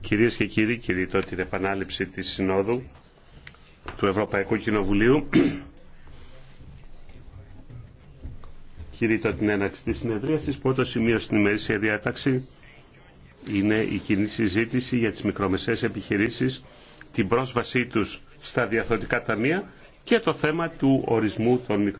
Κυρίε και κύριοι, κηρύττω την επανάληψη της Συνόδου του Ευρωπαϊκού Κοινοβουλίου. Κηρύττω την έναρξη της συνεδρίασης. Πρώτο σημείο στην ημερήσια διάταξη είναι η κοινή συζήτηση για τις μικρομεσαίες επιχειρήσεις, την πρόσβασή τους στα διαθωτικά ταμεία και το θέμα του ορισμού των μικρομεσαίων.